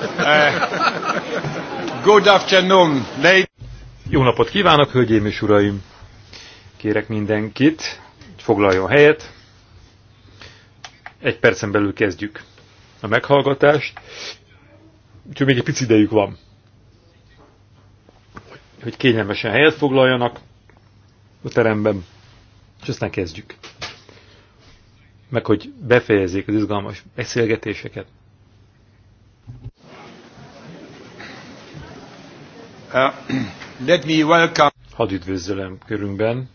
Eh, good afternoon, ladies. Jó napot kívánok, hölgyeim és uraim! Kérek mindenkit, hogy foglaljon helyet. Egy percen belül kezdjük a meghallgatást. Úgyhogy még egy pici idejük van, hogy kényelmesen helyet foglaljanak a teremben, és aztán kezdjük. Meg hogy befejezzék az izgalmas beszélgetéseket Uh, let me welcome. Hadd üdvözlöm körünkben.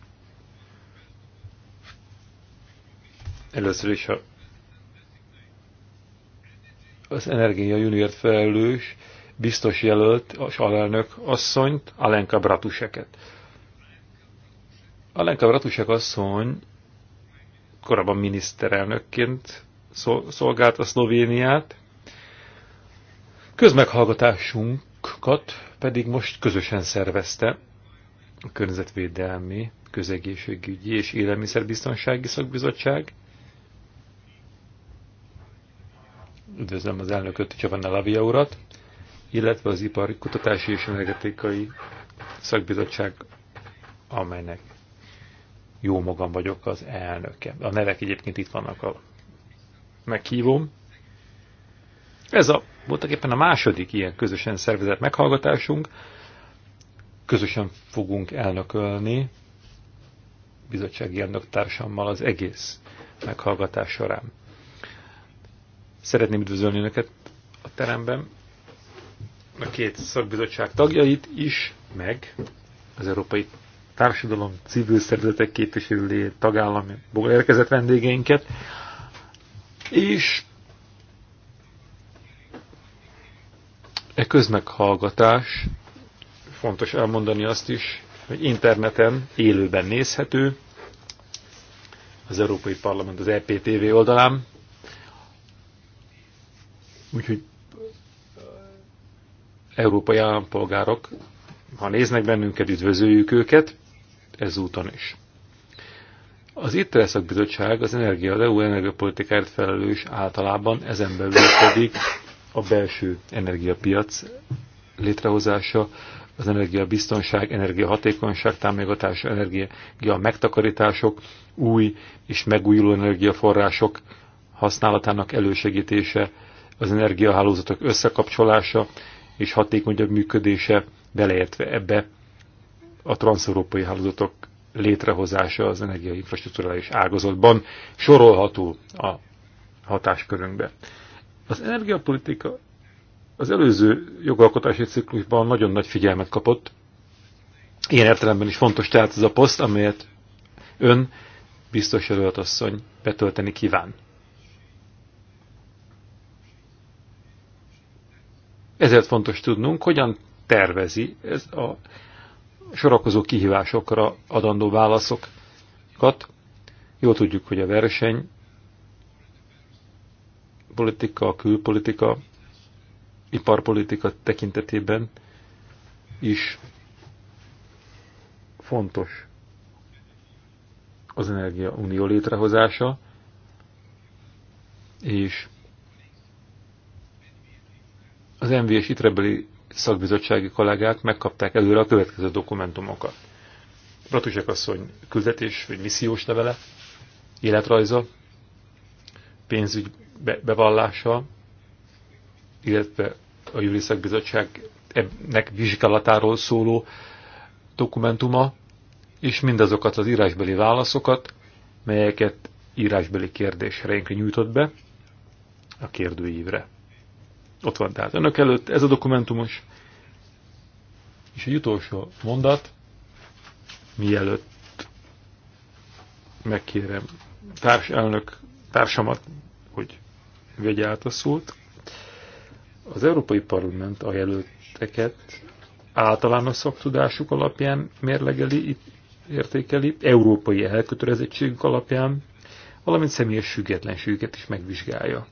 Először is a, az Energia Juniort felelős, biztos jelölt, és alelnök asszonyt, Alenka Bratuseket. Alenka Bratusek asszony korábban miniszterelnökként szolgált a Szlovéniát. Közmeghallgatásunkat pedig most közösen szervezte a Környezetvédelmi, Közegészségügyi és Élelmiszerbiztonsági Szakbizottság. Üdvözlöm az elnököt, Csavanna Lavia urat, illetve az Ipari Kutatási és Energetikai Szakbizottság, amelynek jó magam vagyok az elnöke. A nevek egyébként itt vannak a meghívom. Ez a voltak éppen a második ilyen közösen szervezett meghallgatásunk. Közösen fogunk elnökölni bizottsági elnöktársammal az egész meghallgatás során. Szeretném üdvözölni Önöket a teremben, a két szakbizottság tagjait is, meg az Európai Társadalom civil szervezetek képviselői tagállami érkezett vendégeinket, és E közmeghallgatás, fontos elmondani azt is, hogy interneten élőben nézhető, az Európai Parlament az EPTV oldalán, úgyhogy európai állampolgárok, ha néznek bennünket, üdvözöljük őket, ezúton is. Az itt Bizottság az energia, az EU energiapolitikáért felelős általában, ezen belül pedig a belső energiapiac létrehozása, az energiabiztonság, energiahatékonyság támogatása, energia megtakarítások, új és megújuló energiaforrások használatának elősegítése, az energiahálózatok összekapcsolása és hatékonyabb működése, beleértve ebbe a transzeurópai hálózatok létrehozása az energiainfrastruktúrális ágazatban sorolható a hatáskörünkbe. Az energiapolitika az előző jogalkotási ciklusban nagyon nagy figyelmet kapott. Ilyen értelemben is fontos tehát ez a poszt, amelyet ön, biztos asszony betölteni kíván. Ezért fontos tudnunk, hogyan tervezi ez a sorakozó kihívásokra adandó válaszokat. Jól tudjuk, hogy a verseny politika, külpolitika, iparpolitika tekintetében is fontos az Energia Unió létrehozása, és az és Itrebeli szakbizottsági kollégák megkapták előre a következő dokumentumokat. Ratusek asszony küldetés vagy missziós levele, életrajza, pénzügy bevallása, illetve a Júli Szakbizottságnek vizsgálatáról szóló dokumentuma, és mindazokat az írásbeli válaszokat, melyeket írásbeli kérdésreinkre nyújtott be a kérdőívre. Ott van tehát önök előtt ez a dokumentumos, és egy utolsó mondat, mielőtt megkérem társelnök társamat, hogy vegye át a szót. Az Európai Parlament a jelölteket általános szaktudásuk alapján mérlegeli, értékeli, európai elkötelezettségük alapján, valamint személyes függetlenségüket is megvizsgálja.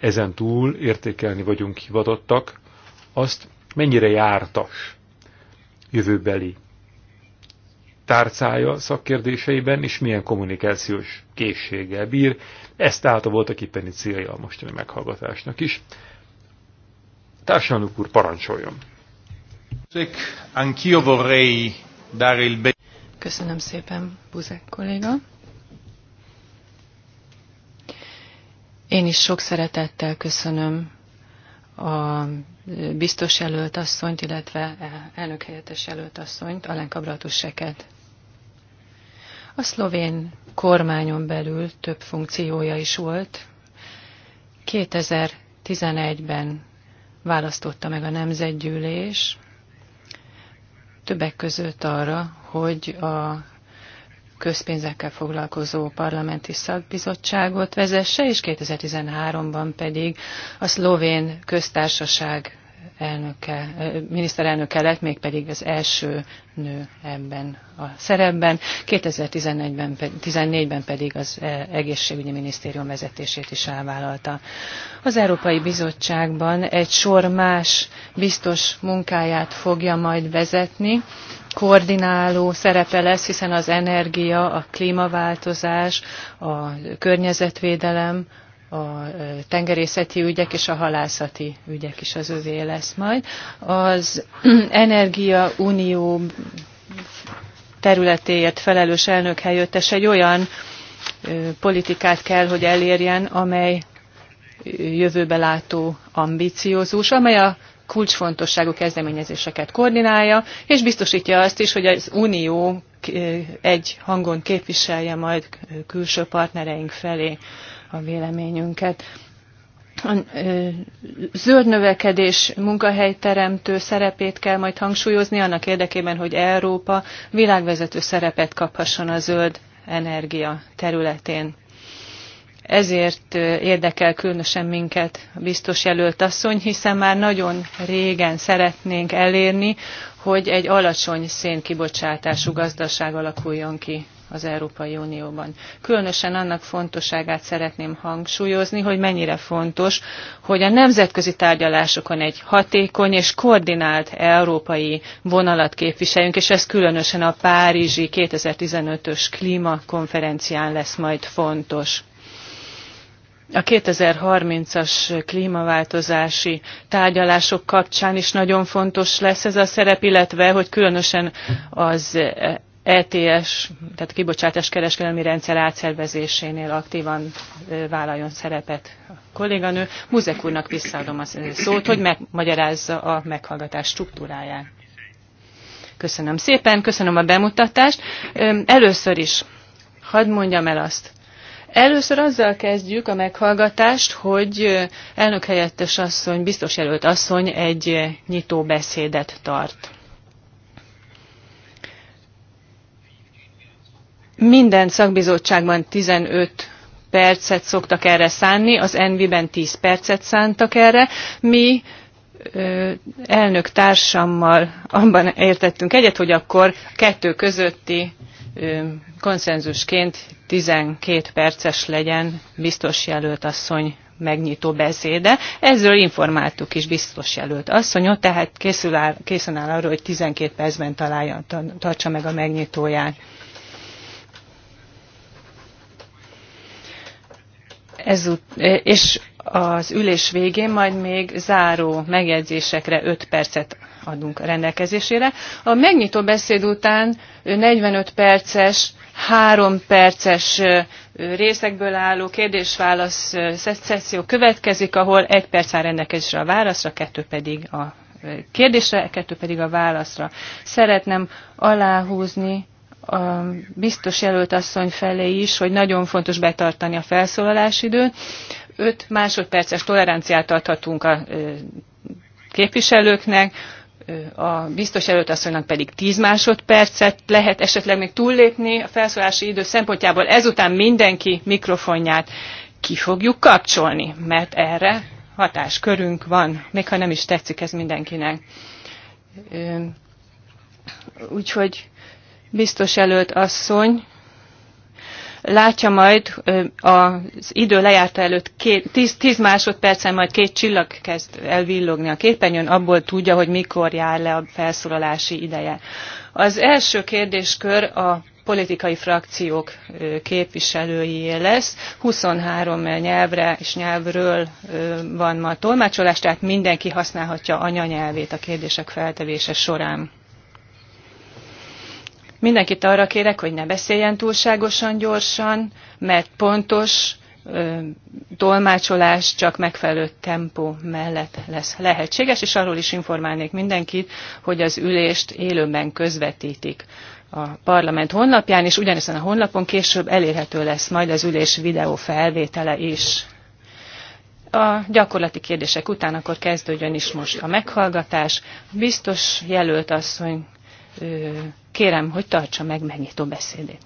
Ezen túl értékelni vagyunk hivatottak azt, mennyire jártas jövőbeli tárcája szakkérdéseiben, és milyen kommunikációs készséggel bír. Ezt állta voltak éppen itt célja a mostani meghallgatásnak is. Társadalmuk úr, parancsoljon! Köszönöm szépen, Buzek kolléga! Én is sok szeretettel köszönöm a biztos jelölt asszonyt, illetve elnök helyettes jelölt asszonyt, Alenka Bratusseket. A szlovén kormányon belül több funkciója is volt. 2011-ben választotta meg a Nemzetgyűlés, többek között arra, hogy a közpénzekkel foglalkozó parlamenti szakbizottságot vezesse, és 2013-ban pedig a szlovén köztársaság elnöke, miniszterelnöke lett, mégpedig az első nő ebben a szerepben. 2014-ben, 2014-ben pedig az e, egészségügyi minisztérium vezetését is elvállalta. Az Európai Bizottságban egy sor más biztos munkáját fogja majd vezetni, koordináló szerepe lesz, hiszen az energia, a klímaváltozás, a környezetvédelem, a tengerészeti ügyek és a halászati ügyek is az övé lesz majd. Az Energia Unió területéért felelős elnök helyettes egy olyan politikát kell, hogy elérjen, amely jövőbe látó ambiciózus, amely a kulcsfontosságú kezdeményezéseket koordinálja, és biztosítja azt is, hogy az Unió egy hangon képviselje majd külső partnereink felé a véleményünket. A zöld növekedés munkahelyteremtő szerepét kell majd hangsúlyozni annak érdekében, hogy Európa világvezető szerepet kaphasson a zöld energia területén. Ezért érdekel különösen minket a biztos jelölt asszony, hiszen már nagyon régen szeretnénk elérni, hogy egy alacsony szénkibocsátású gazdaság alakuljon ki az Európai Unióban. Különösen annak fontosságát szeretném hangsúlyozni, hogy mennyire fontos, hogy a nemzetközi tárgyalásokon egy hatékony és koordinált európai vonalat képviseljünk, és ez különösen a Párizsi 2015-ös klímakonferencián lesz majd fontos. A 2030-as klímaváltozási tárgyalások kapcsán is nagyon fontos lesz ez a szerep, illetve hogy különösen az ETS, tehát a kibocsátás kereskedelmi rendszer átszervezésénél aktívan vállaljon szerepet a kolléganő. Muzek úrnak visszaadom a szót, hogy megmagyarázza a meghallgatás struktúráját. Köszönöm szépen, köszönöm a bemutatást. Először is, hadd mondjam el azt, Először azzal kezdjük a meghallgatást, hogy elnök helyettes asszony, biztos jelölt asszony egy nyitó beszédet tart. Minden szakbizottságban 15 percet szoktak erre szánni, az Envi-ben 10 percet szántak erre. Mi elnök társammal abban értettünk egyet, hogy akkor kettő közötti konszenzusként 12 perces legyen biztos jelölt asszony megnyitó beszéde. Ezzel informáltuk is biztos jelölt asszonyot, tehát készül áll, készen áll arra, hogy 12 percben találja, tartsa meg a megnyitóját. ezut- e, és az ülés végén majd még záró megjegyzésekre 5 percet adunk rendelkezésére. A megnyitó beszéd után 45 perces, 3 perces e, részekből álló kérdés-válasz e, következik, ahol 1 perc áll rendelkezésre a válaszra, 2 pedig a kérdésre, 2 pedig a válaszra. Szeretném aláhúzni, a biztos jelölt asszony felé is, hogy nagyon fontos betartani a felszólalásidőt. 5 másodperces toleranciát adhatunk a képviselőknek, a biztos jelölt asszonynak pedig 10 másodpercet lehet esetleg még túllépni a felszólási idő szempontjából. Ezután mindenki mikrofonját ki fogjuk kapcsolni, mert erre hatáskörünk van, még ha nem is tetszik ez mindenkinek. Úgyhogy biztos előtt asszony látja majd az idő lejárta előtt tíz másodpercen majd két csillag kezd elvillogni a képernyőn, abból tudja, hogy mikor jár le a felszólalási ideje. Az első kérdéskör a politikai frakciók képviselőié lesz. 23 nyelvre és nyelvről van ma tolmácsolás, tehát mindenki használhatja anyanyelvét a kérdések feltevése során. Mindenkit arra kérek, hogy ne beszéljen túlságosan gyorsan, mert pontos tolmácsolás csak megfelelő tempó mellett lesz lehetséges, és arról is informálnék mindenkit, hogy az ülést élőben közvetítik a parlament honlapján, és ugyanezen a honlapon később elérhető lesz majd az ülés videó felvétele is a gyakorlati kérdések után akkor kezdődjön is most a meghallgatás. Biztos jelölt asszony Kérem, hogy tartsa meg megnyitó beszédét.